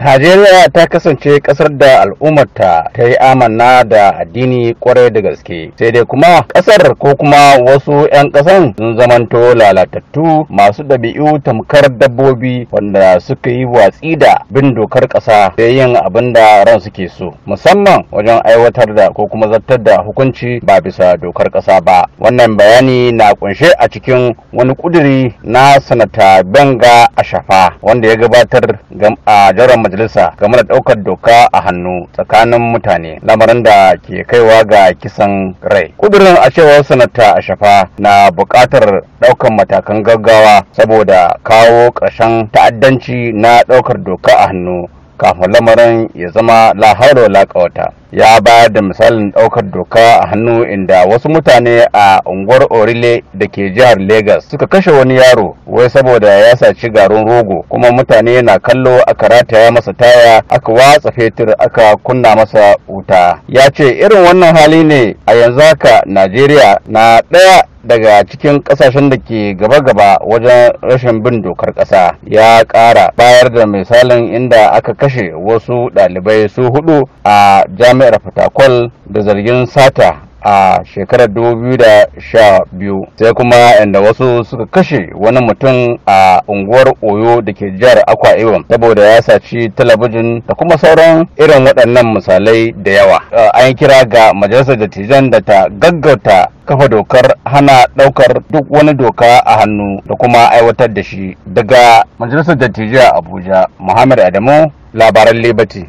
Najeriya ta kasance kasar da al'ummarta ta yi amana da addini kwarai da gaske sai dai kuma kasar ko kuma wasu 'yan kasan sun zamanto lalatattu masu ɗabi'u tamkar dabbobi wanda suka yi watsi da bin dokar ƙasa da yin abin da ran suke so musamman wajen aiwatar da ko kuma zartar da hukunci ba bisa dokar ƙasa ba wannan bayani na kunshe a cikin wani kuduri na sanata benga ashafa wanda ya gabatar a jaram majalisa game da ɗaukar doka a hannu tsakanin mutane lamarin da ke kaiwa ga kisan rai Kudurin a cewar sanata a shafa na buƙatar ɗaukar matakan gaggawa saboda kawo ƙarshen ta'addanci na ɗaukar doka a hannu kafin lamarin ya zama laharo laƙawata ya ba da misalin ɗaukar doka a hannu inda wasu mutane a unguwar orile da ke jihar Legas suka kashe wani yaro wai saboda ya saci garin rogo kuma mutane na kallo aka rataya masa taya aka watsa fetur aka kunna masa wuta ya ce irin wannan hali ne a yanzu haka najeriya na ɗaya daga cikin kasashen da ke gaba-gaba wajen rashin bin dokar ƙasa ya ƙara bayar da misalin inda aka kashe wasu ɗalibai su hudu a jami'ar jami'ar fatakwal da zargin sata a shekarar 2012 sai kuma inda wasu suka kashe wani mutum a unguwar oyo da ke jihar akwa ibom saboda ya saci talabijin da kuma sauran irin waɗannan misalai da yawa an kira ga majalisar dattijan da ta gaggauta kafa dokar hana ɗaukar duk wani doka a hannu da kuma aiwatar da shi daga majalisar dattijai abuja muhammad adamu labaran liberty